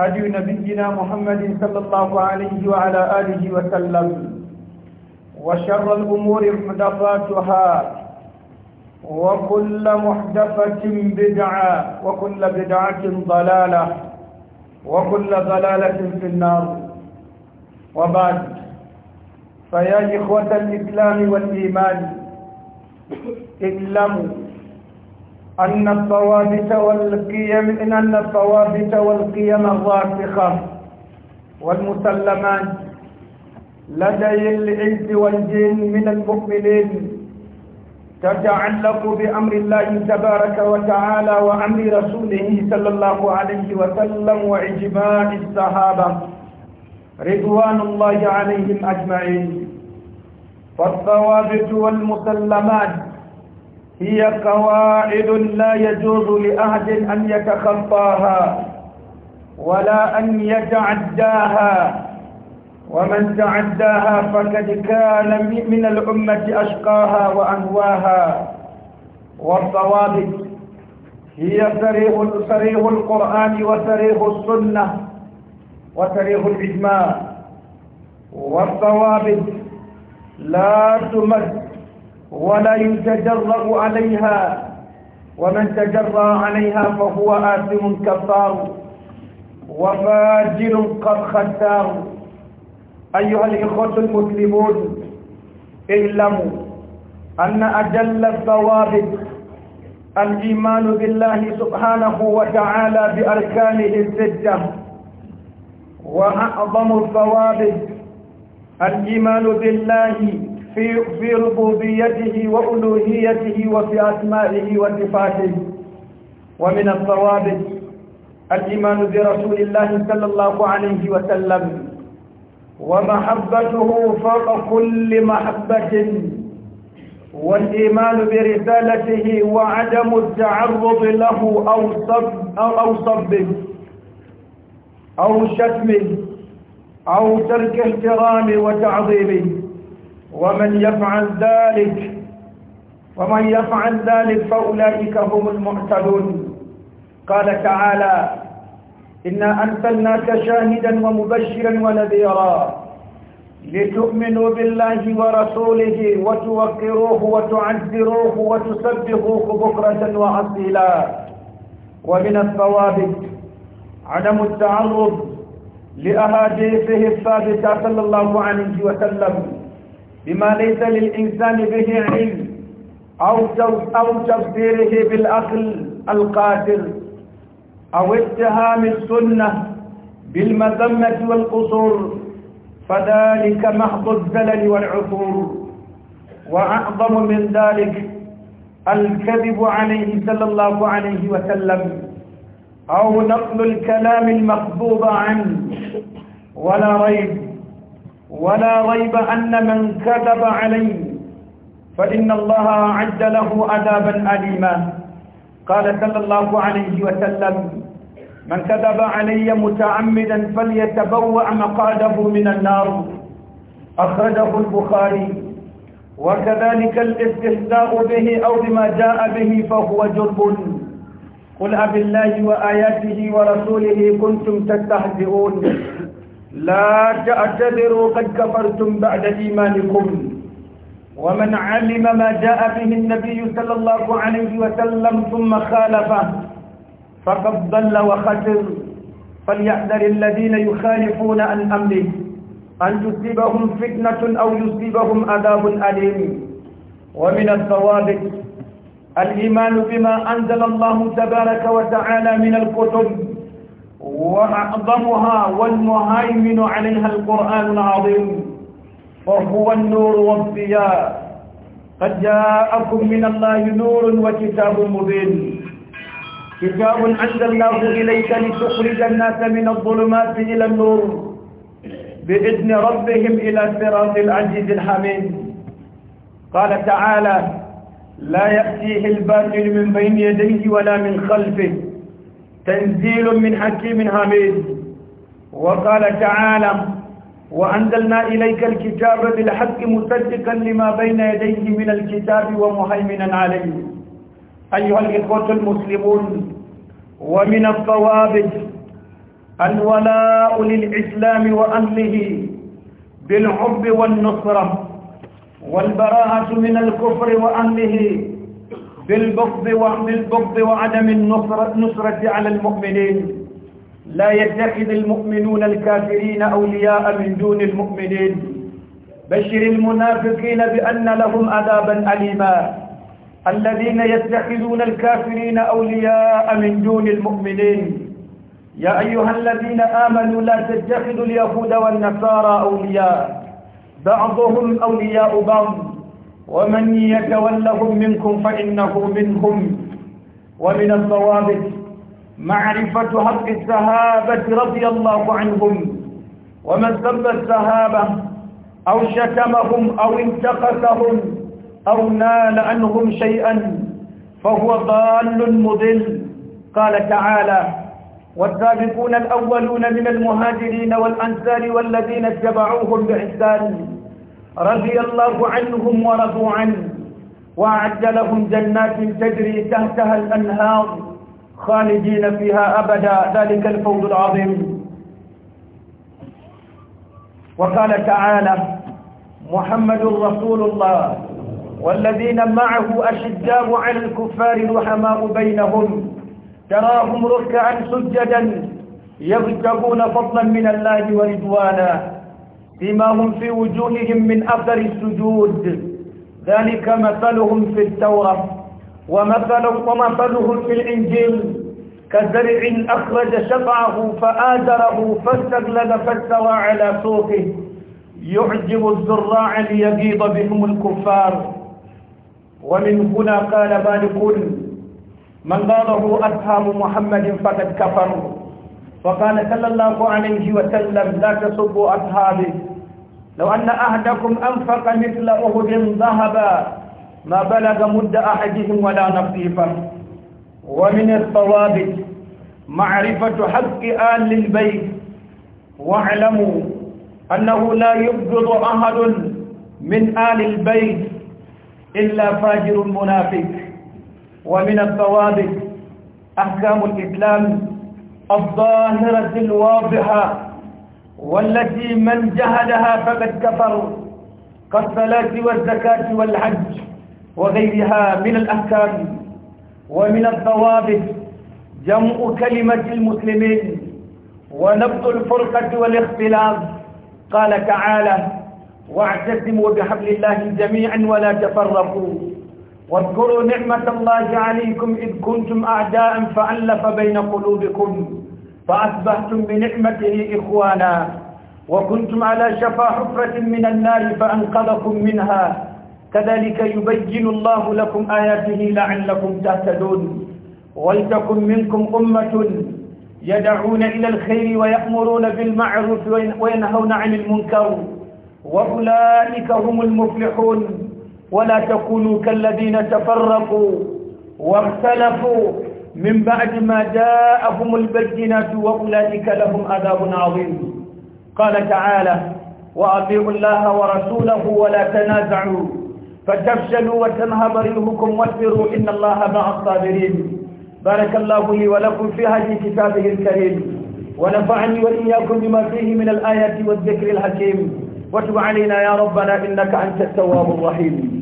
هدي نبينا محمد صلى الله عليه وعلى آله وسلم وشر الأمور محدثاتها وكل محدثة بدعة وكل بدعة ضلالة وكل ضلالة في النار وبعد فيا إخوة الإسلام والإيمان اعلموا أن الثوابت والقيم إن, أن الثوابت والقيم الراسخة والمسلمات لدي الإنس والجن من المؤمنين تتعلق بأمر الله تبارك وتعالى وأمر رسوله صلى الله عليه وسلم وإجماع الصحابة رضوان الله عليهم أجمعين فالثوابت والمسلمات هي قواعد لا يجوز لأحد أن يتخطاها ولا أن يتعداها ومن تعداها فقد كان من الأمة أشقاها وأنواها والصواب هي صريح صريح القرآن وصريح السنة وصريح الإجماع والصواب لا تمثل ولا يتجرأ عليها ومن تجرأ عليها فهو آثم كفار وفاجر قد خسار أيها الإخوة المسلمون اعلموا أن أجل الثوابت الإيمان بالله سبحانه وتعالى بأركانه الستة وأعظم الثوابت الإيمان بالله في في ربوبيته وألوهيته وفي أسمائه وصفاته ومن الثوابت الإيمان برسول الله صلى الله عليه وسلم ومحبته فوق كل محبة والإيمان برسالته وعدم التعرض له أو صب أو صب أو شتم أو ترك احترام وتعظيمه ومن يفعل ذلك ومن يفعل ذلك فأولئك هم المعتدون قال تعالى إنا أرسلناك شاهدا ومبشرا ونذيرا لتؤمنوا بالله ورسوله وتوقروه وتعذروه وتسبحوه بكرة وأصيلا ومن الثوابت عدم التعرض لأحاديثه الثابتة صلى الله عليه وسلم بما ليس للإنسان به علم أو تفسيره بالأخل القاتل أو اتهام السنة بالمذمة والقصور فذلك محض الزلل والعثور وأعظم من ذلك الكذب عليه صلى الله عليه وسلم أو نقل الكلام المخبوض عنه ولا ريب ولا ريب أن من كذب عليه فإن الله أعد له عذابا أليما قال صلى الله عليه وسلم من كذب علي متعمدا فليتبوأ مقعده من النار أخرجه البخاري وكذلك الاستهزاء به أو بما جاء به فهو جرب قل أبالله وآياته ورسوله كنتم تستهزئون لا تعتذروا قد كفرتم بعد إيمانكم ومن علم ما جاء به النبي صلى الله عليه وسلم ثم خالفه فقد ضل وخسر فليحذر الذين يخالفون عن أمره أن تصيبهم فتنة أو يصيبهم عذاب أليم ومن الثوابت الإيمان بما أنزل الله تبارك وتعالى من الكتب وأعظمها والمهيمن عليها القرآن العظيم وهو النور والضياء قد جاءكم من الله نور وكتاب مبين كتاب أنزلناه إليك لتخرج الناس من الظلمات إلى النور بإذن ربهم إلى صراط العزيز الحميد قال تعالى لا يأتيه الباطل من بين يديه ولا من خلفه تنزيل من حكيم حميد وقال تعالى وأنزلنا إليك الكتاب بالحق مصدقا لما بين يديه من الكتاب ومهيمنا عليه أيها الإخوة المسلمون ومن الثوابت الولاء للإسلام وأهله بالحب والنصرة والبراءة من الكفر وأهله بالبغض وبالبغض وعدم النصرة نصرة على المؤمنين لا يتخذ المؤمنون الكافرين أولياء من دون المؤمنين بشر المنافقين بأن لهم عذابا أليما الذين يتخذون الكافرين أولياء من دون المؤمنين يا أيها الذين آمنوا لا تتخذوا اليهود والنصارى أولياء بعضهم أولياء بعض ومن يتولهم منكم فإنه منهم ومن الضوابط معرفة حق السهابة رضي الله عنهم ومن سب السهابة أو شتمهم أو انتقصهم أو نال عنهم شيئا فهو ضال مضل قال تعالى والسابقون الأولون من المهاجرين والأنسار والذين اتبعوهم بإحسان رضي الله عنهم ورضوا عنه وأعد لهم جنات تجري تحتها الأنهار خالدين فيها أبدا ذلك الفوز العظيم وقال تعالى محمد رسول الله والذين معه أشداء على الكفار رحماء بينهم تراهم ركعا سجدا يبتغون فضلا من الله ورضوانا فيما هم في وجوههم من أثر السجود ذلك مثلهم في التوراة ومثل ومثلهم في الإنجيل كزرع أخرج شفعه فآزره فاستغلل فاستوى على سوقه يعجب الزراع ليغيظ بهم الكفار ومن هنا قال مالك من قاله أسهام محمد فقد كفر فقال صلى الله عليه وسلم لا تسبوا أصحابي لو أن أحدكم أنفق مثل أهد ذهبا ما بلغ مد أحدهم ولا نصيفا ومن الثوابت معرفة حق آل البيت واعلموا أنه لا يبغض أحد من آل البيت إلا فاجر منافق ومن الثوابت أحكام الإسلام الظاهرة الواضحة والتي من جهلها فقد كفر كالصلاة والزكاة والحج وغيرها من الأحكام ومن الضوابط جمع كلمة المسلمين ونبض الفرقة والاختلاف قال تعالى واعتزموا بحبل الله جميعا ولا تفرقوا واذكروا نعمة الله عليكم إذ كنتم أعداء فألف بين قلوبكم فأصبحتم بنعمته إخوانا وكنتم على شفا حفرة من النار فأنقذكم منها كذلك يبين الله لكم آياته لعلكم تهتدون ولتكن منكم أمة يدعون إلى الخير ويأمرون بالمعروف وينهون عن المنكر وأولئك هم المفلحون ولا تكونوا كالذين تفرقوا واختلفوا من بعد ما جاءهم البينات وأولئك لهم عذاب عظيم قال تعالى وأطيعوا الله ورسوله ولا تنازعوا فتفشلوا وتنهب ريحكم واصبروا إن الله مع الصابرين بارك الله لي ولكم في هذه كتابه الكريم ونفعني وإياكم بما فيه من الآيات والذكر الحكيم وتب علينا يا ربنا إنك أنت التواب الرحيم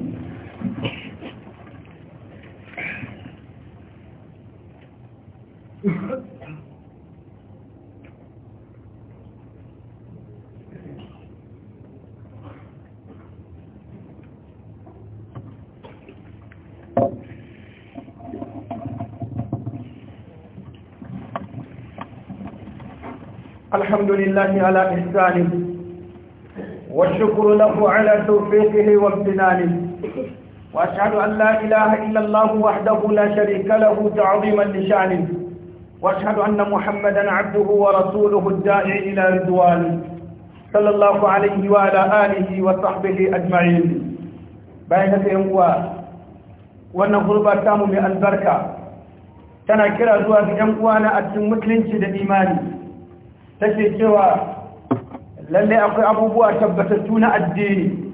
الحمد لله على إحسانه والشكر له على توفيقه وامتنانه وأشهد أن لا إله إلا الله وحده لا شريك له تعظيما لشانه وأشهد أن محمدا عبده ورسوله الداعي إلى رضوانه صلى الله عليه وعلى آله وصحبه أجمعين بينك يموات wannan gurba mu mai albarka tana kira zuwa ga ‘yan uwana a cikin mutunci da imani take cewa lalle akwai abubuwa tabbatattu na addini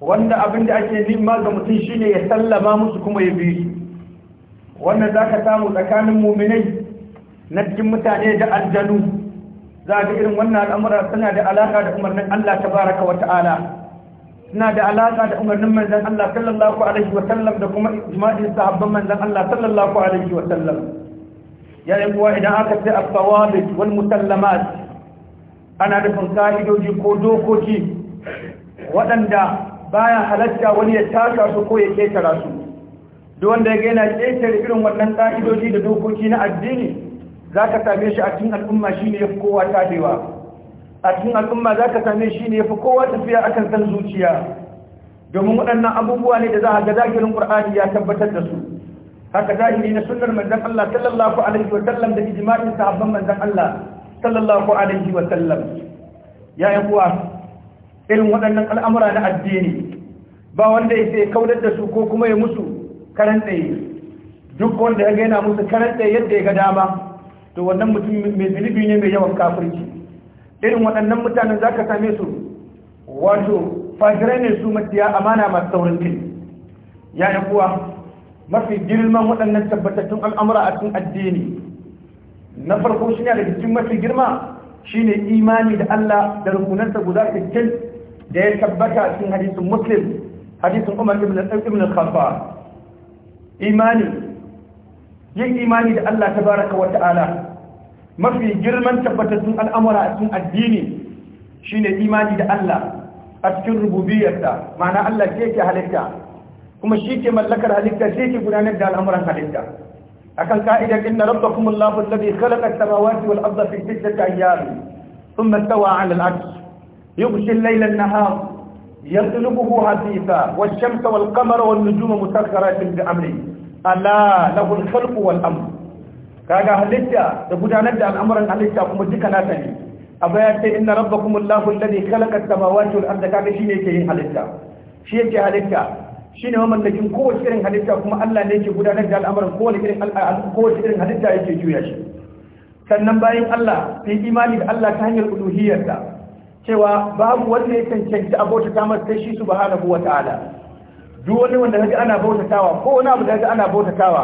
wanda abin da ake nima ga mutum shine ya sallama musu kuma ya bi wannan za ka samu tsakanin muminai na cikin mutane da aljanu za ga irin wannan al'amura suna da alaka da umarnin Allah Ta-baraka ta'ala suna da alaka da umarnin manzan Allah sallallahu alaihi wa da kuma ijma'in sahabban manzan Allah sallallahu alaihi wa ya yi kuwa idan aka ce as-sawabit wani musallamat ana da ka'idoji ko dokoki waɗanda baya halatta wani ya taka su ko ya ƙetara su duk wanda ya gaina ƙetare irin wannan ka'idoji da dokoki na addini ka same shi a cikin al'umma shine ya kowa tadewa a cikin al'umma za ka same shi ne ya fi kowa tafiya akan san zuciya domin waɗannan abubuwa ne da za a ga zahirin ƙur'ani ya tabbatar da su haka zahiri na sunnar manzan Allah sallallahu alaihi wa sallam da ijma'in sahabban manzan Allah sallallahu alaihi wa sallam ya yi kuwa irin waɗannan al'amura na addini ba wanda ya kaudar da su ko kuma ya musu karan tsaye duk wanda ya gaina musu karan tsaye yadda ya ga dama to wannan mutum mai zunubi ne mai yawan kafirci irin waɗannan mutanen za ka same su wato fajirai ne su matiya amana masu saurin kai ya yi kuwa mafi girman waɗannan tabbatattun al'amura a cikin addini na farko shi ne da cikin mafi girma shi ne imani da Allah da rukunansa guda cikin da ya tabbata a cikin hadisun muslim hadisun umar ibn al-khafa imani yin imani da Allah tabaraka wa ta'ala mafi girman tabbatattun al'amura a cikin addini shine imani da Allah a cikin rububiyarsa ma'ana Allah shi yake halitta kuma shi ke mallakar halitta shi yake gudanar da al'amuran halitta akan ka'idar inna rabbakum Allahu alladhi khalaqa as-samawati wal arda fi sittati ayyam thumma istawa 'ala al-'arsh yughshi al-layla an-nahar يطلبه حديثا والشمس والقمر والنجوم مسخرات بأمره ألا له الخلق والأمر kaga halitta da gudanar da al'amuran halitta kuma duka nata ne a baya sai inna rabbakum allahu alladhi khalaqa as-samawati wal arda kaga shine yake yin halitta shi yake halitta shine mamallakin kowace irin halitta kuma Allah ne yake gudanar da al'amuran kowace irin kowace irin halitta yake juya shi sannan bayan Allah sai imani da Allah ta hanyar uluhiyyarsa cewa babu wanda ya cancanta abota ta masa sai shi subhanahu wata'ala duk wani wanda kaga ana bautatawa ko wani abu da kaga ana bautatawa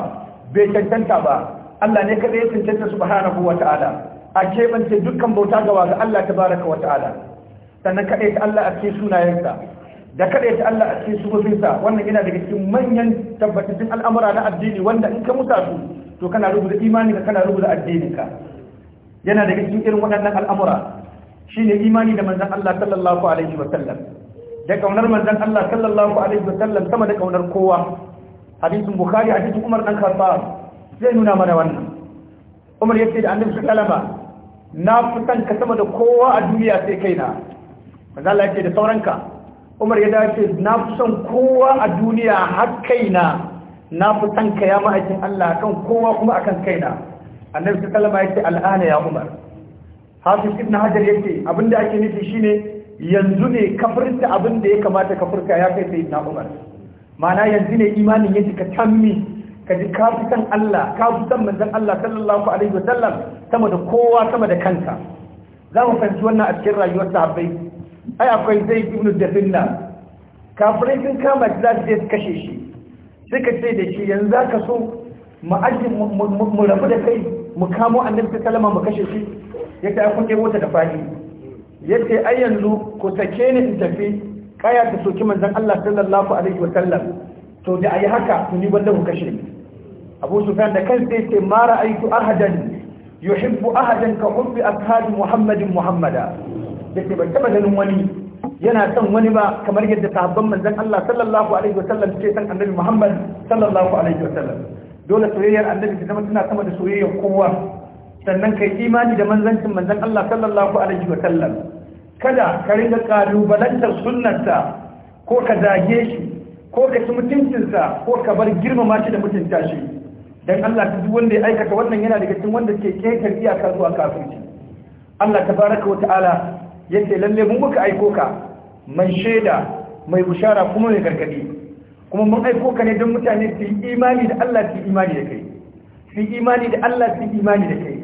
bai cancanta ba Allah ne kada ya cancanta subhanahu wa ta'ala a kebance dukkan bauta gawa ga Allah tabaraka wa ta'ala sannan kada ta Allah a cikin sunayensa da kada ta Allah a cikin sufofinsa wannan yana daga cikin manyan tabbatattun al'amura na addini wanda in ka musa su to kana rubuta imaninka kana rubuta addininka yana daga cikin irin waɗannan al'amura shine imani da manzon Allah sallallahu alaihi wa sallam da kaunar manzon Allah sallallahu alaihi wa sallam sama da kaunar kowa hadisin bukhari hadisin umar dan khattab zai nuna mana wannan umar ya ce da annabi sallama na fi san ka sama da kowa a duniya sai kaina maza Allah ce da sauranka umar ya dace na fi san kowa a duniya har kaina na fi san ka ya ma'aikin Allah kan kowa kuma akan kaina annabi sallama ya ce al'ana ya umar hafiz ibn hajar yake abinda ake nufi shine yanzu ne kafirta da ya kamata kafirka ya kai sayyidina umar ma'ana yanzu ne imanin ya ka tammi ka ji ka fi san Allah ka fi san manzon Allah sallallahu alaihi wasallam sama da kowa sama da kanka za mu fahimci wannan a cikin rayuwar sahabbai ai akwai zai ibn dafinna kafirai sun kama shi za su je su kashe shi ka ce da shi yanzu za ka so mu aji mu rabu da kai mu kamo annabi sallama mu kashe shi ya ta kun ɗebo ta da fadi ya ce ai yanzu ku sake ni in tafi kaya ta soki manzon Allah sallallahu alaihi wasallam to da ayi haka to ni wanda ku shirin. ni Abu Sufyan da kan kansa yace ma ra'aytu ahadan yuhibbu ahadan ka hubbi ashabi Muhammadin Muhammada yace ban taba ganin wani yana son wani ba kamar yadda sahabban manzon Allah sallallahu alaihi wa sallam ke son Annabi Muhammad sallallahu alaihi wa sallam. dole soyayyar Annabi ta zama tana sama da soyayyar kowa sannan kai imani da manzancin manzon Allah sallallahu alaihi wa sallam. kada ka ringa kalubalantar sunnarsa ko ka zage shi ko ka ci mutuncinsa ko ka bar girmama shi da mutunta shi dan Allah ta duk wanda ya aikata wannan yana daga cikin wanda ke kekar iyaka zuwa kafirci Allah tabaraka wa ta'ala yace lalle mun muka aiko ka man shaida mai bushara kuma mai gargadi kuma mun aiko ka ne don mutane su yi imani da Allah su yi imani da kai su yi imani da Allah su yi imani da kai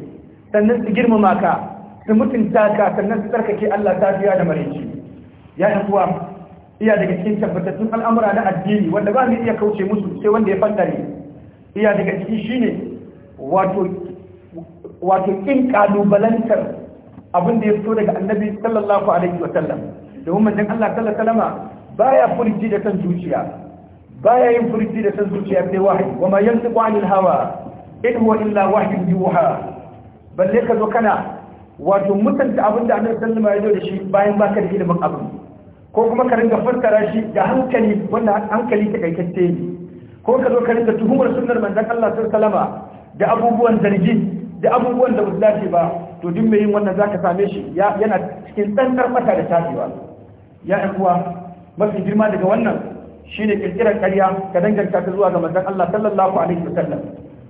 sannan su girmama ka su mutunta ka sannan su tsarkake Allah ta fiya da maraici ya yi kuwa iya daga cikin tabbatattun al'amura na addini wanda ba ni iya kauce musu sai wanda ya fantare iya daga ciki shine wato wato kin kalubalantar abin da ya fito daga annabi sallallahu alaihi wasallam domin dan Allah sallallahu alaihi wasallama baya furci da san zuciya baya yin furci da san zuciya sai wahayi wa ma yantiqu anil hawa in huwa illa wahyun juha balle ka zo kana wato mutunta abin da annabi sallallahu alaihi wasallama ya zo da shi bayan baka da ilimin abin ko kuma ka ringa fassara shi da hankali wanda hankali ta kaikacce ne ko ka zo ka ringa tuhumar sunnar manzon Allah sallallahu da abubuwan zargi da abubuwan da ba ce ba to duk mai yin wannan zaka same shi yana cikin tsantsar mata da tafiwa ya ɗan kuwa, mafi girma daga wannan shine kirkirar ƙarya ka danganta ta zuwa ga manzon Allah sallallahu alaihi wasallam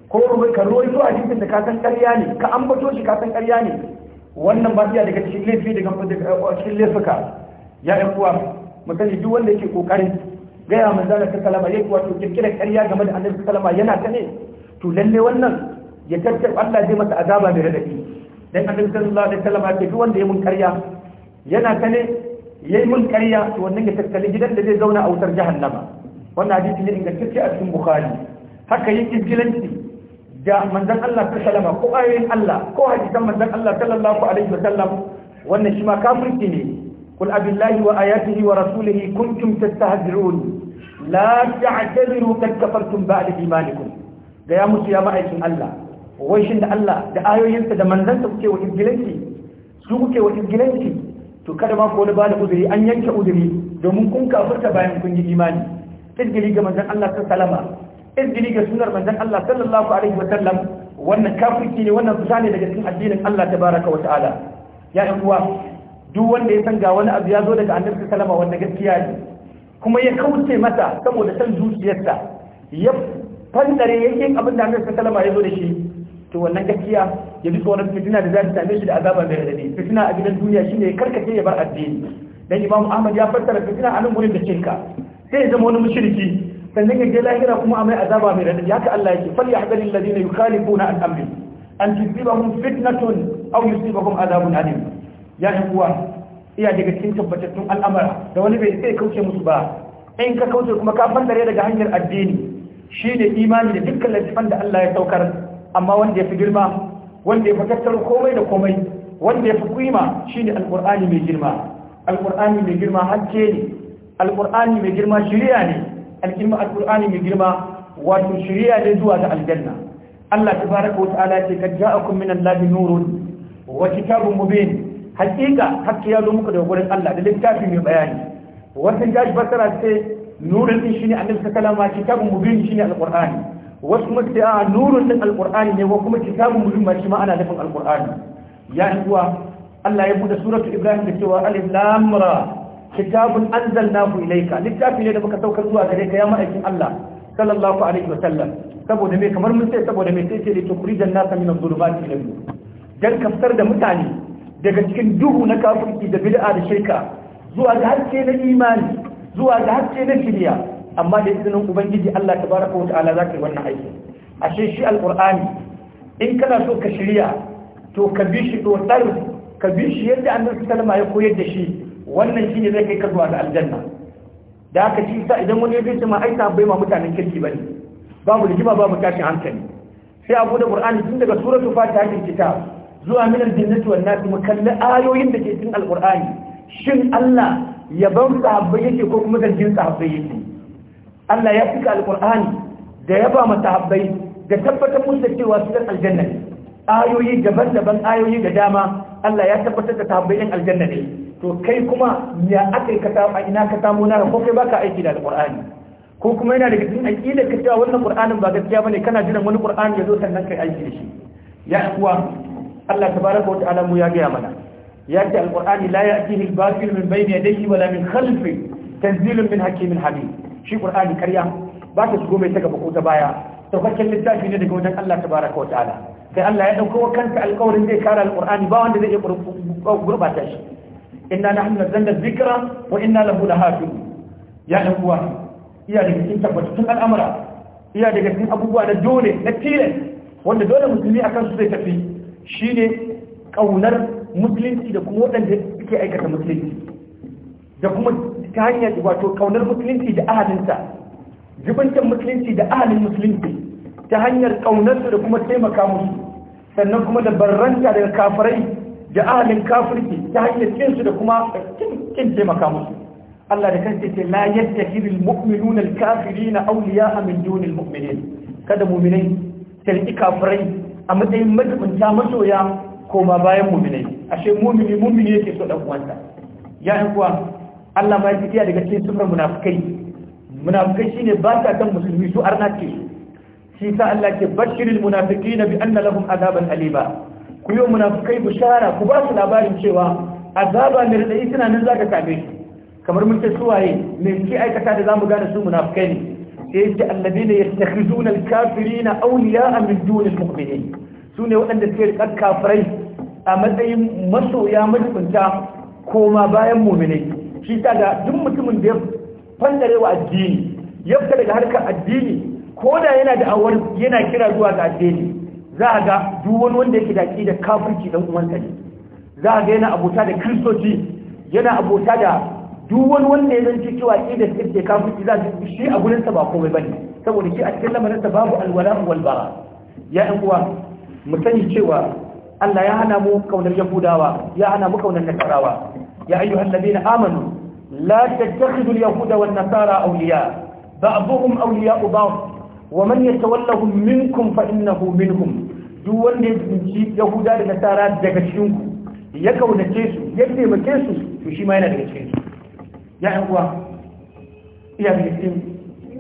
ko ka ruwaito zuwa jikin da ka san ƙarya ne ka ambato shi ka san ƙarya ne wannan ba daga cikin laifi daga cikin laifuka ya ɗan kuwa mu duk wanda yake kokari gaya manzo Allah kalama ya kuwa to kirkira ƙarya game da annabi sallallahu yana ta ne to lalle wannan ya tattar Allah zai masa azaba mai radadi dan annabi sallallahu alaihi wasallam ya ce duk wanda ya mun ƙarya yana ta ne yayi mun ƙarya to wannan ya tattali gidan da zai zauna a wutar jahannama wannan hadisi ne ingantacce a cikin bukhari haka yake izgilanci da manzon Allah sallallahu alaihi ko ayoyin Allah ko hadisan manzon Allah sallallahu alaihi wasallam wannan shi ma kafirci ne قل أب الله وآياته ورسوله كنتم تستهزئون لا تعتذروا قد كفرتم بعد إيمانكم da ya mutu ya ma'aikin Allah wai shin da Allah da ayoyinsa da manzansa kuke wa izgilanci su kuke wa izgilanci to kada ma ko ba da uzuri an yanke uzuri domin kun kafirta bayan kun yi imani izgili ga manzon Allah sallallahu alaihi wasallam izgili ga sunnar manzon Allah sallallahu alaihi wasallam wannan kafirci ne wannan fita ne daga cikin addinin Allah tabaraka wa ta'ala ya ɗan uwa duk wanda ya san ga wani abu ya zo daga annabi salama wanda gaskiya ne kuma ya kauce masa saboda san zuciyarsa ya fandare yake abin da annabi salama ya zo da shi to wannan gaskiya ya bi tsoron fitina da za ta same shi da azaba mai radadi fitina a gidan duniya shine ya karkace ya bar addini dan imamu ahmad ya fassara fitina a nan gurin da cinka sai ya zama wani mushriki sannan ya je lahira kuma a mai azaba mai radadi haka Allah yake fal yahdharil ladina yukhalifuna an amri an tusibahum fitnatun aw yusibahum adabun alim ya shi kuwa, iya daga cikin tabbatattun al'amara da wani bai sai kauce musu ba in ka kauce kuma ka fandare daga hanyar addini shine imani da dukkan latifan da Allah ya saukar amma wanda ya fi girma wanda ya fi tattaro komai da komai wanda ya fi kima shine Alƙur'ani mai girma Alƙur'ani mai girma hajje ne Alƙur'ani mai girma shiriya ne alqur'ani alqur'ani mai girma wato shiriya ne zuwa ga aljanna Allah tabaraka wa ta'ala ya ce kad ja'akum min allahi nurun wa kitabun mubin hakika hakki ya zo muku daga gurin Allah da littafi mai bayani wasu jashi fassara ce nurin din shine annabi sallama kitabun mubin shine alqur'ani wasu kuma ce a nurun din alqur'ani ne ko kuma kitabun mubin ma shi ma ana nufin alqur'ani ya kuwa Allah ya bude suratu ibrahim da cewa alif lam ra kitabun anzalnahu ilayka littafi ne da muka saukar zuwa gare ka ya ma'aikin Allah sallallahu alaihi wasallam saboda me kamar mun ce saboda me sai ce da tukrijan nasa min adh-dhulumati ila nur dan kaftar da mutane daga cikin duhu na kafirki da bid'a da shirka zuwa ga haske na imani zuwa ga haske na shirya amma da izinin ubangiji Allah tabaraka wa ta'ala zaka yi wannan aiki ashe shi alqur'ani in kana so ka shirya to ka bi shi dotsar ka bi shi yadda annabi sallama ya koyar da shi wannan shine zai kai ka zuwa ga aljanna da haka shi sa idan wani ya ce ma ai bai ma mutanen kirki bane babu rigima babu tashin hankali sai abu da qur'ani tun daga suratul fatiha kitab zuwa min jinnatu, wannan kuma mu kalli ayoyin da ke cikin Alƙur'ani. shin Allah ya ban sahabbai yake ko kuma zargin sahabbai yake Allah ya fika Alƙur'ani da ya ba mata sahabbai da tabbatar musu da cewa su aljanna ayoyi daban-daban ayoyi da dama Allah ya tabbatar da sahabbai din aljanna ne to kai kuma ya akai ka ta ina ka samu na ko kai baka aiki da Alƙur'ani? ko kuma yana da cikin aiki ka cewa wannan qur'anin ba gaskiya bane kana jiran wani qur'ani ya zo sannan kai aiki da shi ya kuwa Allah tabaraka wa ta'ala mu ya gaya mana ya ce alqur'ani la ya'tihi al-batil min bayni yadayhi wala min khalfi tanzilun min hakimin habib shi qur'ani karya ba ta shigo mai saka bako ta baya saukakken littafi ne daga wajen Allah tabaraka wa ta'ala Allah ya dauko kanta alƙawarin zai kare alqur'ani ba wanda zai iya gurbata shi inna nahnu nazzalna dhikra wa inna lahu lahafiz ya dan uwa iya daga cikin tabbatattun al'amura iya daga cikin abubuwa na dole na tilas wanda dole musulmi akan su zai tafi Shi ne ƙaunar musulunci da kuma waɗanda suke aikata musulunci da kuma ta hanyar wato ƙaunar musulunci da ahalinsa jibantar musulunci da ahalin musulunci ta hanyar ƙaunarsu da kuma taimaka musu sannan kuma da barranta daga kafirai da ahalin kafirki ta hanyar kinsu da kuma kin taimaka musu Allah da kansa ce la yattakhidul mu'minuna al-kafirina awliya'a min dunil mu'minin kada mu'minai tarki kafirai a matsayin majibinta masoya koma bayan mumini ashe mumini mumini yake so dan uwansa ya yi kuwa Allah ma ya fitiya daga cikin sufar munafukai. Munafukai shine ba ta kan musulmi su arna ce shi sa Allah ke munafuki na bi anna lahum azaban aliba ku yi munafukai bishara ku ba su labarin cewa azaba ne radai suna nan zaka same su kamar mun ce suwaye me suke aikata da zamu gane su munafukai ne sai ce alladina yattakhizuna alkafirina awliya'a min dunil su sune waɗanda suke rikar kafirai a matsayin masoya ko koma bayan mu'minai shi ta ga duk mutumin da ya fandare wa addini ya fita daga harkar addini ko da yana da awar yana kira zuwa ga addini za a ga duk wani wanda yake daki da kafirci dan uwansa ne za a ga yana abota da kristoci yana abota da duk wani wanda ya zanci cewa ke da suke ke kafin za su shi a gurinsa ba komai bane saboda shi a cikin ta babu alwala walbara ya yan uwa mu sani cewa Allah ya hana mu kaunar yahudawa ya hana mu kaunar nasarawa ya ayyuhal ladina amanu la tattakhidul yahuda wan nasara awliya ba'dhum awliya'u ba'd wa man yatawallahum minkum fa innahu minhum duk wanda ya tsinci yahuda da nasara daga cikin ku ya kaunace su ya taimake su to shi ma yana daga cikin su ya yan uwa iya filistin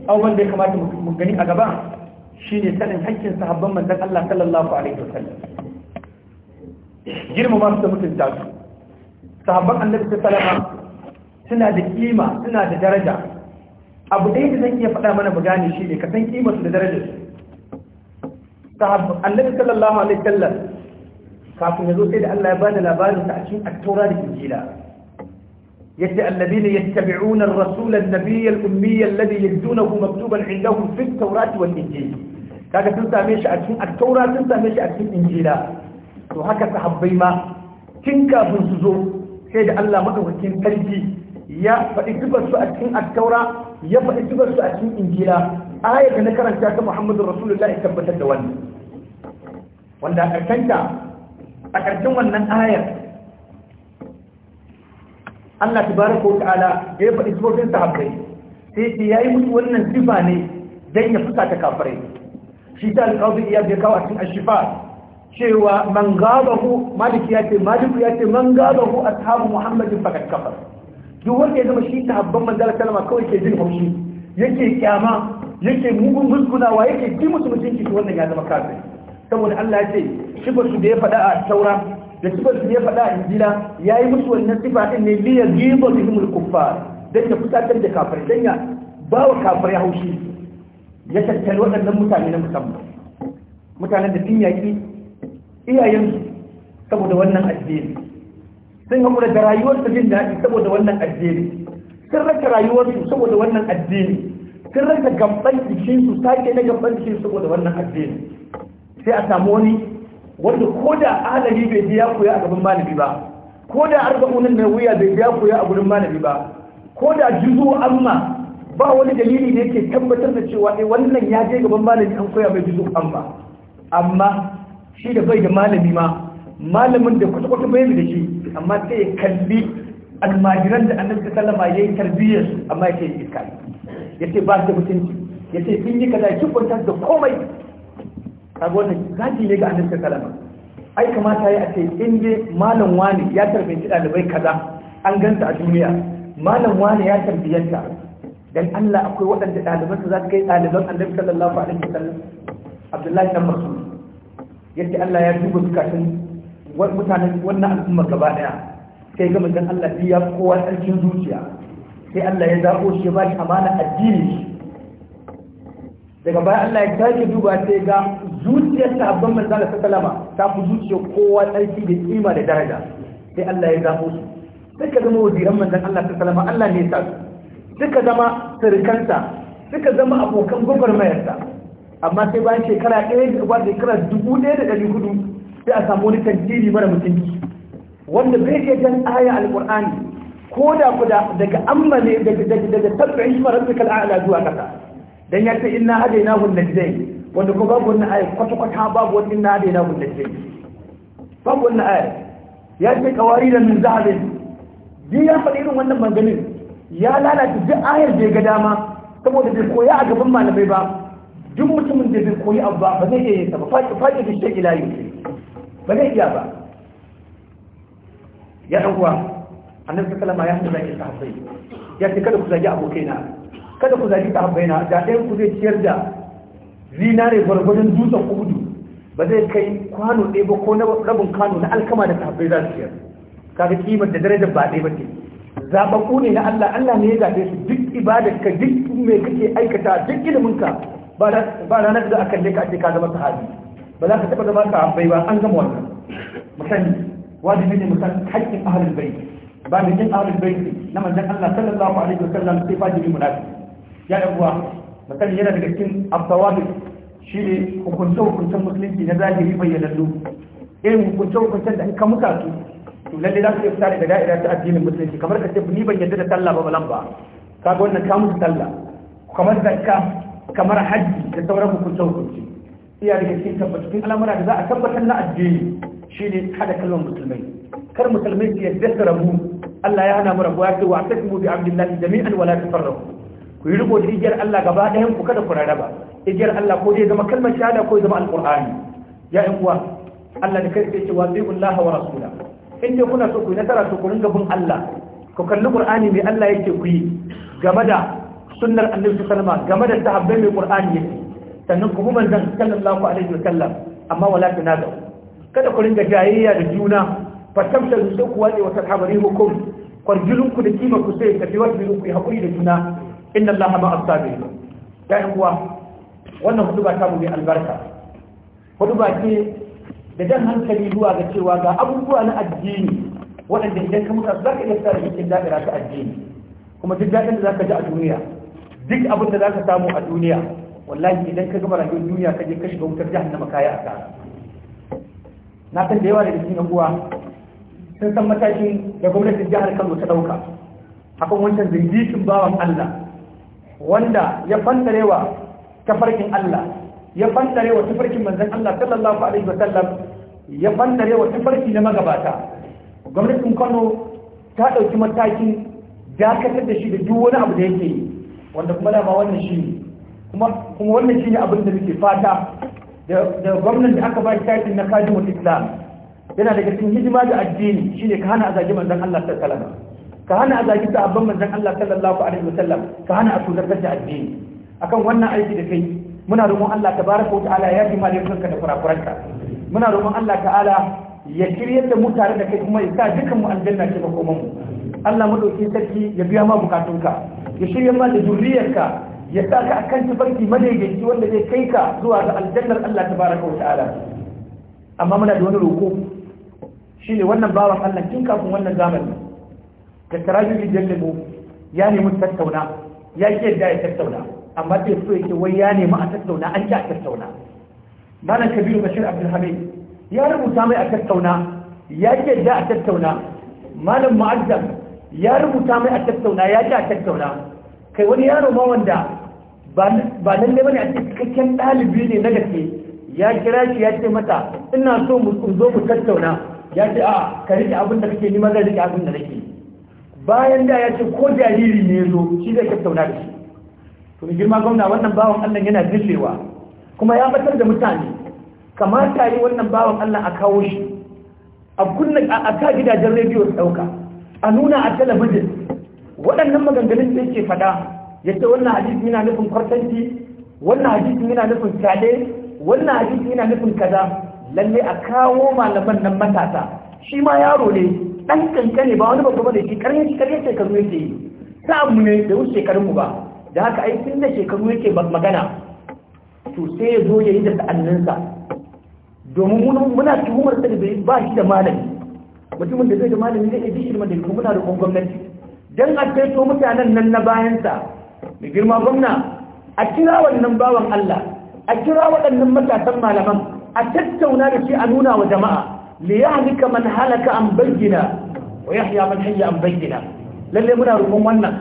abubuwan da ya kamata mu gani a gaba shine sanin haƙƙin sahabban manzon Allah sallallahu alaihi wasallam girmama su da mutunta su sahabban annabi sallallahu suna da kima suna da daraja abu ɗaya da zan iya faɗa mana mu gane shi ne ka san kima su da darajar su sahabban annabi sallallahu alaihi wasallam kafin ya zo sai da Allah ya bada labarin sa a cikin at da injila yace alladhina yattabi'una ar-rasul an-nabiy al-ummiy alladhi yajidunahu maktuban indahum fi at-taurati wal-injil kaga sun same shi a cikin at-taura sun same shi a cikin injila to haka sahabbai ma tun kafin su zo sai da Allah madaukakin sarki ya faɗi tubar su a cikin at-taura ya faɗi a na karanta ta Muhammadu Rasulullahi tabbatar da wannan wanda a ƙarshenta a wannan ayar Allah tabaraka wa ta'ala ya faɗi sifofin sahabbai sai ce yayi musu wannan sifa ne dan ya fusa ta kafirai shi ta alqabi ya bi kawa cikin ashifa cewa man gabahu maliki ya ce maliki ya ce man gabahu ashabu muhammadin fakat kafar duk wanda ya zama shi sahabban manzala sallama kawai ke jin haushi yake kyama yake mugun muskunawa yake ji musu mutunci wannan ya zama kafir saboda Allah ya ce shi ba su da ya faɗa a saura. da sifar su ya faɗa injila ya yi musu wannan sifa ɗin ne liya gizo da himul kuffar don ya fusatar da kafirai don ya ba wa kafirai haushi ya tattali waɗannan mutane na musamman mutanen da sun yaƙi iyayensu saboda wannan addini sun haƙura da rayuwarsu jin daɗi saboda wannan addini sun raka rayuwarsu saboda wannan addini sun raka gamban jikinsu sake na gamban jikinsu saboda wannan addini sai a samu wani wanda ko da ahalari bai biya koya a gaban malami ba ko da arba'unin na wuya bai biya koya a gurin malami ba ko da juzu amma ba wani dalili da yake tabbatar da cewa ne eh, wannan ya je gaban malami an koya mai juzu amma amma shi da bai da malami ma malamin da kwata-kwata bai da shi amma sai ya kalli almajiran da annabi sallama ya yi tarbiyyar amma ya ce iska ya ce ba su da mutunci ya ce sun yi kaza ki kwanta da komai kaga za zaki ne ga annabi sallallahu ai kamata ya ce in dai malam wani ya tarbiyanci dalibai kaza an ganta a duniya malam wani ya tarbiyanta dan Allah akwai waɗanda ɗalibansa za su kai ɗaliban annabi sallallahu alaihi wasallam Abdullahi dan Mas'ud yace Allah ya duba kafin. Mutane wannan al'umma gaba daya sai ga manzon Allah ya kowa sarkin zuciya sai Allah ya zabo shi ba shi amana addini daga baya Allah ya sake duba sai ga zuciyar sahabban manzo Allah sallama ta fi zuciyar kowa tsarki da kima da daraja sai Allah ya zabo su suka zama waziran manzon Allah sallama Allah ne ya sa suka zama sirkansa suka zama abokan gwagwarmayarsa amma sai bayan shekara ɗaya da ba shekara dubu ɗaya da ɗari hudu sai a samu wani tantiri mara mutunci wanda bai ke jan aya alƙur'ani ko da kuda daga amma ne daga daga tabbin shi mara zuwa ƙasa. dan ya ce inna hadaina hun najdain wanda ko babu wannan ayat kwata kwata babu wannan inna hadaina hun najdain babu wannan ayat ya ce qawarida min zahabin din ya faɗi irin wannan maganin ya lalata duk ayar da ya ga dama saboda bai koya a gaban malamai ba duk mutumin da bai koyi abu ba zai iya yin sa ba faɗi da shi ila yau ba zai iya ba ya ɗan kuwa annabi sallama ya hada zaki sahabbai ya ce kada ku zagi abokaina kada ku zaki ta na da ɗayan ku zai ciyar da zinare gwargwadon dutsen udu ba zai kai kwano ɗaya ba ko rabin kwano na alkama da sahabbai za su ciyar kaga kimar da darajar ba ɗaya ba ce zaɓaɓɓu ne na Allah Allah ne ya zaɓe su duk ibadar ka duk me kake aikata duk ilimin ka ba ranar da aka leka ake ka zama sahabi ba za ka taɓa zama sahabbai ba an gama wannan musani wajibi ne musan haƙƙin ahalin bai ba mai jin ahalin bai na manzon Allah sallallahu alaihi wa sallam sai fajiri munafiki ya ɗan'uwa misali yana daga cikin abdawabi shi ne hukunce-hukuncen musulunci na zahiri bayyanannu irin hukunce-hukuncen da aka ka muka su to lalle za su iya fita daga da'ira ta addinin musulunci kamar ka ce ni ban yadda da sallah ba balan ba kaga wannan ka musu sallah kamar zakka kamar hajji da sauran hukunce-hukunce iya daga cikin tabbatattun al'amura da za a tabbatar na addini shi ne haɗa kalmar musulmai kar musulmai su yadda su rabu Allah ya hana mu rabu ya ce wa tasmu bi abdillahi jami'an wala ta tafarraqu ku yi riko da Allah gaba ɗayan ku kada ku raraba igiyar Allah ko dai zama kalmar shahada ko zama Alƙur'ani. ya ɗan uwa Allah da kai ce wa bi bi'ullah wa rasula in dai kuna so ku yi nasara to ku ringa bin Allah ku kalli qur'ani mai Allah yake ku yi game da sunnar annabi sallallahu alaihi game da sahabbai mai qur'ani yake sannan ku bi manzon sallallahu alaihi wa sallam, amma wala tunadu kada ku ringa jayayya da juna fatamta su ku wace wa tarhabari hukum kwarjilun ku da kima ku sai tafi wasu ku yi hakuri da juna inna allaha ma asabi ya yan wannan huduba ta mu albarka huduba ce da jan hankali zuwa ga cewa ga abubuwa na addini waɗanda idan ka muka zaka iya tsara cikin da'ira ta addini kuma duk daɗin da zaka ji a duniya duk abin da zaka samu a duniya wallahi idan ka gama rayuwar duniya ka je ka shiga wutar jahannama kaya a ka na san da yawa da cikin abuwa sun san matakin da gwamnatin jihar Kano ta ɗauka akan wancan zindikin bawan Allah wanda ya fantarewa tafarkin Allah ya fantarewa tafarkin manzon Allah sallallahu alaihi wasallam ya fantarewa tafarki na magabata gwamnatin Kano ta dauki matakin dakatar da shi da duk wani abu da yake yi wanda kuma dama wannan shi kuma kuma wannan ne abin da muke fata da gwamnan da aka ba shi title na Kadimul Islam yana daga cikin hidima da addini shine ka hana a zagi manzon Allah sallallahu alaihi wasallam ka hana a zagi sahabban manzon Allah sallallahu alaihi wasallam ka hana a tuzar da addini akan wannan aiki da kai muna roƙon Allah tabaraka wa ta'ala ya jima kanka da kurakuranka muna roƙon Allah ta'ala ya kiryar da mu tare da kai kuma ya sa dukan mu aljanna ce ba mu Allah mu madauki sarki ya biya ma bukatunka ya shirya ma da zuriyarka ya sa ka akan tafarki madaidaici wanda zai kai ka zuwa ga aljannar Allah tabaraka wa ta'ala amma muna da wani roƙo shine wannan bawan Allah tun kafin wannan zamani tattara shi rijiyar lemo ya nemi tattauna ya ke da ya tattauna amma sai so yake wai ya nemi a tattauna an ki a tattauna malam kabiru bashir abdulhamid ya rubuta mai a tattauna ya ke yadda a tattauna malam mu'azzam ya rubuta mai a tattauna ya ki a tattauna kai wani yaro ma wanda ba lalle bane a cikakken ɗalibi ne na gaske ya kira shi ya ce mata ina so mu zo mu tattauna ya ce a ka rike abin da kake ni ma zan rike abin da nake bayan da ya ce ko jariri ne ya zo shi zai tattauna da shi to ni girma gwamna wannan bawan allah yana nufewa kuma ya batar da mutane kamata yi wannan bawan allah a kawo shi a kunna a ta gidajen rediyo su ɗauka a nuna a talabijin waɗannan maganganun da yake faɗa ya ce wannan hadisi yana nufin kwartanci wannan hadisi yana nufin fyaɗe wannan hadisi yana nufin kaza lalle a kawo malaman nan matasa shi ma yaro ne dan kankane ba wani babba da shi karye shi karye shekaru yake yi mu ne da wuce karin mu ba da haka ai tun da shekaru yake magana to sai ya zo ya yi da sa'anninsa domin muna tuhumar sa da ba shi da malami mutumin da zai da malami zai yi shi da kuma muna da gwamnati dan a taito mutanen nan na bayansa mai girma gwamna a kira wannan bawan Allah a kira waɗannan matasan malaman a tattauna da shi a nuna wa jama'a liyahlika man halaka an bayyana wa yahya man hayya an bayyana lalle muna roƙon wannan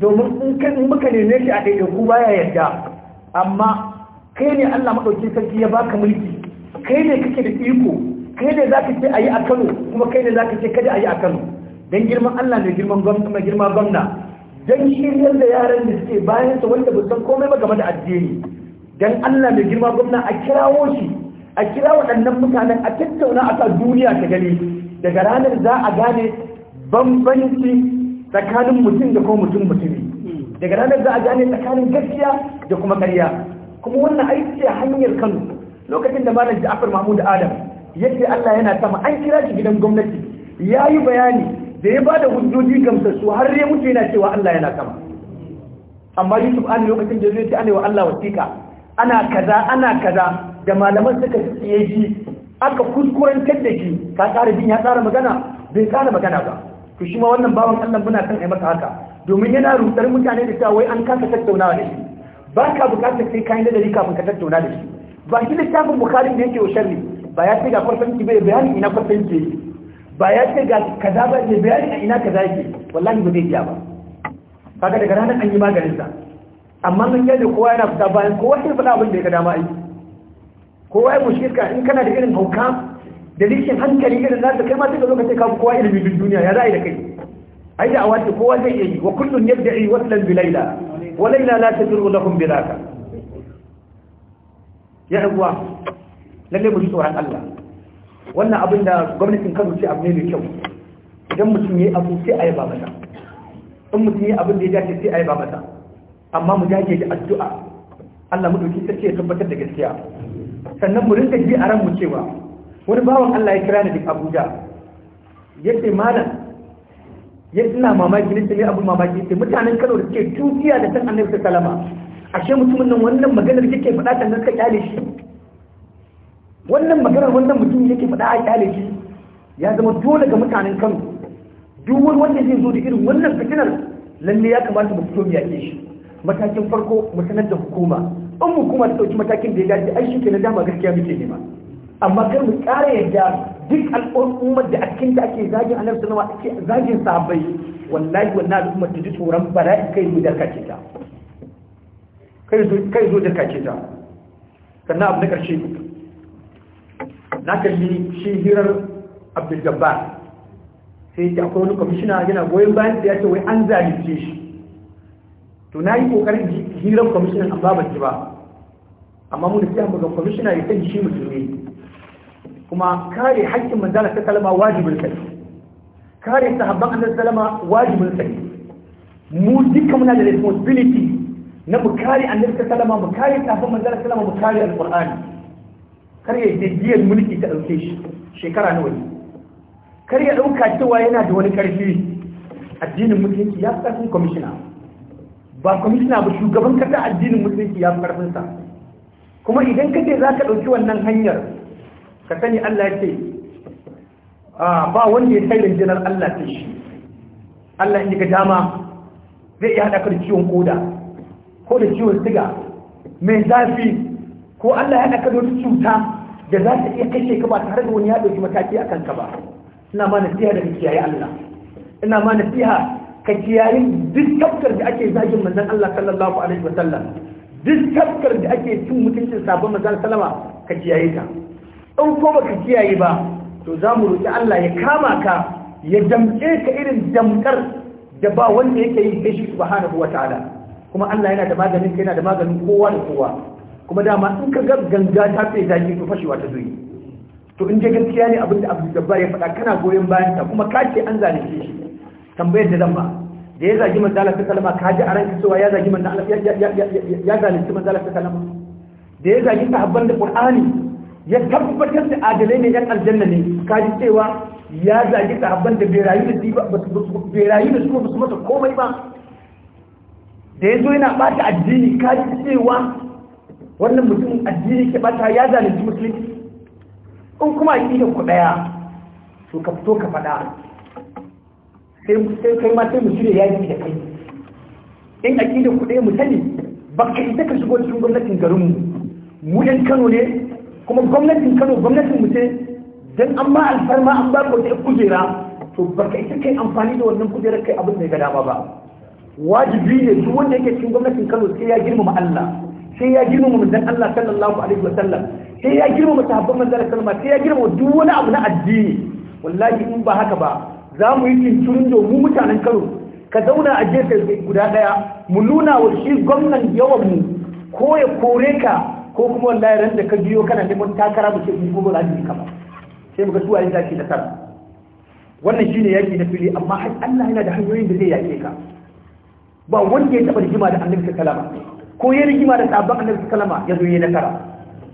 domin in kan muka ne shi a daidai ku baya yarda amma kai ne Allah madauki sarki ya baka mulki kai ne kake da iko kai ne zaka ce ayi a Kano kuma kai ne zaka ce kada ayi a Kano dan girman Allah ne girman gwamnati mai girma gwamna dan shiryar da yaran da suke bayan sa wanda ba san komai ba game da addini dan Allah mai girma gwamna a kirawo shi a kira waɗannan mutanen a tattauna a kan duniya ta gani daga ranar za a gane bambanci tsakanin mutum da kuma mutum mutumi daga ranar za a gane tsakanin gaskiya da kuma karya kuma wannan aiki a hanyar kano lokacin da malam ja'afar mahmud adam yadda allah yana sama an kira shi gidan gwamnati ya yi bayani da ya ba da hujjoji gamsassu har ya mutu yana cewa allah yana sama amma yusuf an lokacin da zai ce wa allah wasiƙa ana kaza ana kaza da malaman suka tsaye shi aka kuskuren da shi ka tsara jin ya tsara magana bai tsara magana ba to shi ma wannan bawan Allah muna kan ai masa haka domin yana rutar mutane da cewa wai an kasa tattaunawa da shi ba ka bukatar sai kayan da kafin ka tattauna da shi ba shi littafin bukari da yake sharri ba ya ce ga farfanci bai bayani ina farfanci yake ba ya ce ga kaza ba ne bayani a ina kaza yake wallahi ba zai biya ba kaga daga ranar an yi maganin sa amma mun yadda kowa yana fita bayan kowa sai faɗa abin da ya ga dama aiki kowa ya ka in kana da irin hauka da rikin hankali irin nasa kai ma sai ka zo ka ce ka kowa ilimi duk duniya ya za'i da kai ai da awati kowa zai yi wa kullun yabda'i waslan bi laila, wa ta la tadru lahum laka ya abuwa lalle mu ji tsoron Allah wannan abin da gwamnatin Kano ce abu ne mai kyau idan mutum yayi abu sai a yaba masa in mutum yayi abin da ya dace sai a yaba masa amma mu dage da addu'a Allah mu dauki sarki ya tabbatar da gaskiya sannan mu rinka ji a ran mu cewa wani bawan Allah ya kira ni duk Abuja yace malam ya ina mamaki ne sai abu mamaki sai mutanen Kano da suke tuziya da san Annabi sallama ashe mutumin nan wannan maganar yake faɗa kan ka kyale shi wannan maganar wannan mutum yake faɗa a kyale shi ya zama dole ga mutanen Kano duk wani wanda zai zo da irin wannan fitinar lalle ya kamata mu fito mu yake shi matakin farko mu sanar da hukuma in mu kuma ɗauki matakin da ya dace ai shi ke na dama gaskiya muke nema amma kar mu ƙara yadda duk al'ummar da a cikin da ake zagin annabi sallama ake zagin sahabbai wallahi wannan al'ummar ta ji tsoron bala'i kai zo da kace ta kai zo da kace ta sannan abu na ƙarshe na kalli shi hirar abdul jabbar sai ya akwai wani kwamishina yana goyon bayan da ya ce wai an zalunce shi to na yi ƙoƙarin hirar kwamishinan amma ban ji ba amma mun da sai ga kwamishina ya sani shi musulmi kuma kare haƙƙin manzala ta kalma wajibin sai kare sahabban annabi sallama wajibin sai mu duka muna da responsibility na mu kare annabi ta sallama mu kare sahabban manzala ta sallama mu kare alqur'ani kar ya jijiyar mulki ta dauke shi shekara nawa ne kar ya ɗauka cewa yana da wani ƙarfi. addinin mutunci ya tsakon kwamishina ba kwamishina ba shugaban kasa addinin musulunci ya fi karfinsa kuma idan ka ce za ka ɗauki wannan hanyar ka sani Allah ya ce ba wanda ya sai rinjinar Allah ta shi Allah ya ga dama zai iya haɗa da ciwon koda ko da ciwon siga mai zafi ko Allah ya haɗa da wata cuta da za ta iya kashe ka ba tare da wani ya ɗauki mataki a kanka ba ina ma nasiha da kiyaye Allah ina ma nasiha ka kiyaye duk tafkar da ake zagin manzon Allah sallallahu alaihi wa sallam duk tafkar da ake cin mutuncin sabon manzon sallama ka kiyaye ta in ko baka kiyaye ba to za mu roki Allah ya kama ka ya damke ka irin damkar da ba wanda yake yi su shi wa ta'ala kuma Allah yana da maganin kai yana da maganin kowa da kowa kuma dama in ka ga ganga ta fi zaki to fashewa ta zuyi to in je gaskiya ne abinda Abdul Jabbar ya faɗa kana goyon bayan ta kuma kace an zalunce shi tambayar da zan ba da ya zagi manzo Allah sallama ka ji a ranka cewa ya zagi manzo Allah ya zalunci manzo Allah sallama da ya zagi sahabban da Qur'ani ya tabbatar da adalai ne yan aljanna ne ka ji cewa ya zagi sahabban da berayi da su ba da su ba su mata komai ba da ya zo yana bata addini ka ji cewa wannan mutum addini ke bata ya zalunci musulunci in kuma da ku ɗaya to ka fito ka faɗa sai kai ma sai mu shirya yaki da kai in a ku kuɗe mu sani ba ka isa ka shigo cikin gwamnatin garinmu mu ɗan kano ne kuma gwamnatin kano gwamnatin mu ce dan an ma alfarma an ba ku kujera to ba ka isa kai amfani da wannan kujera kai abin da ya ga dama ba wajibi ne duk wanda yake cikin gwamnatin kano sai ya girmama Allah sai ya girmama manzon Allah sallallahu alaihi wa sallam sai ya girmama sahabban manzon Allah sai ya girmama duk wani abu na addini wallahi in ba haka ba za mu yi cinturin da mu mutanen kano ka zauna a jefe guda daya mu nuna wa shi gwamnan yawan mu ko ya kore ka ko kuma wallahi ran da ka biyo kana neman takara mu ce mu ba za mu yi kama sai mu ga su waye zaki da sara wannan shine yaki na fili amma Allah yana da hanyoyin da zai yake ka ba wanda ya taba rigima da annabi wasallam ko ya rigima da sabon annabi sallama ya zo yi nasara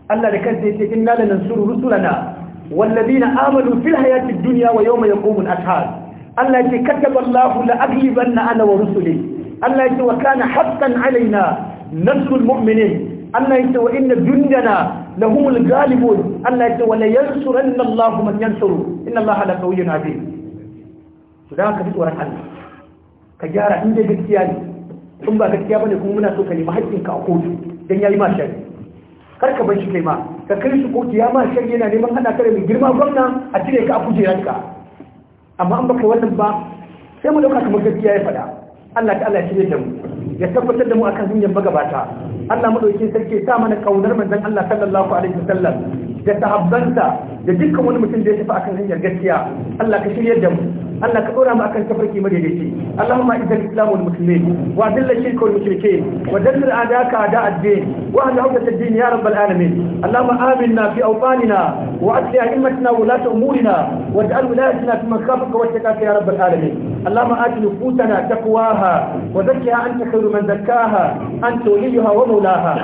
Allah da kansa ya ce inna lanansuru rusulana wallazina amanu fil hayati dunya wa yawma yaqumul ashhad Allah yake kataba Allah la aghlibanna ana wa rusuli Allah yake wa kana haqqan alaina nasrul mu'minin Allah yake wa inna jundana lahumul ghalibun Allah yake wa la yansuranna Allah man yansuru inna Allah la qawiyyun aziz to da ka fito ran Allah ka gyara inda gaskiya ne in ba gaskiya bane kuma muna so ka nemi haƙƙinka a kotu dan yayi ma shari kar ka bar shi kai ma ka kai su kotu ya ma shan yana neman hada kare mai girma gwamna a cire ka a yanka amma an baka wannan ba sai mu dauka kamar gaskiya ya faɗa Allah ta Allah shine da mu ya tabbatar da mu akan hanyar magabata Allah madaukakin sarki ya sa mana kaunar manzon Allah sallallahu alaihi wasallam da sahabbansa da dukkan wani mutum da ya tafi akan hanyar gaskiya Allah ka shirya da mu Allah ka dora mu akan tafarki daidaiti Allahumma izal islamu wal muslimin wa dhilla shirka wal mushrikeen wa dammir a'daka a'da ad-din wa ahli hawdat ad-din ya rabbal alamin Allahumma aminna fi awtanina wa asli a'immatina wa lati umurina waj'al wilayatina fi man khafaka wattaqaka ya rabbal alamin Allahumma ati nufusana taqwaha wa zakkiha anta khayru man zakkaha anta waliyuha wa mawlaha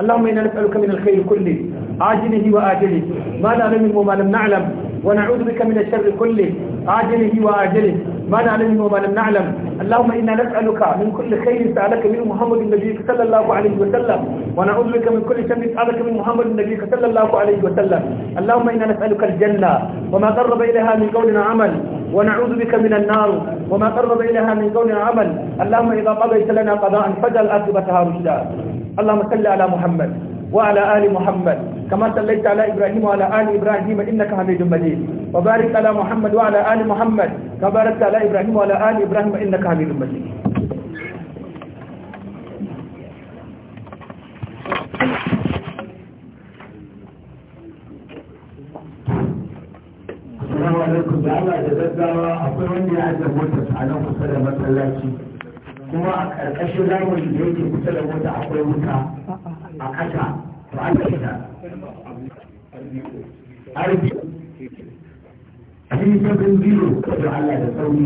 اللهم إنا نسألك من الخير كله عاجله وآجله ما نعلمه وما لم نعلم ونعوذ بك من الشر كله عاجله وآجله ما نعلمه وما لم نعلم اللهم إنا نسألك من كل خير سألك من محمد النبي صلى الله عليه وسلم ونعوذ بك من كل شر سألك من محمد النبي صلى الله عليه وسلم اللهم إنا نسألك الجنة وما قرب إليها من قول عمل ونعوذ بك من النار وما قرب إليها من قول عمل اللهم إذا قضيت لنا قضاء فجل أثبتها رشدا اللهم صل على محمد وعلى آل محمد كما صليت على إبراهيم وعلى آل إبراهيم إنك حميد مجيد وبارك على محمد وعلى آل محمد كما باركت على إبراهيم وعلى آل إبراهيم إنك حميد مجيد السلام عليكم يا الله جزاك الله خيرا a ƙasa to an yi ta a yi sabon ko da Allah da sauri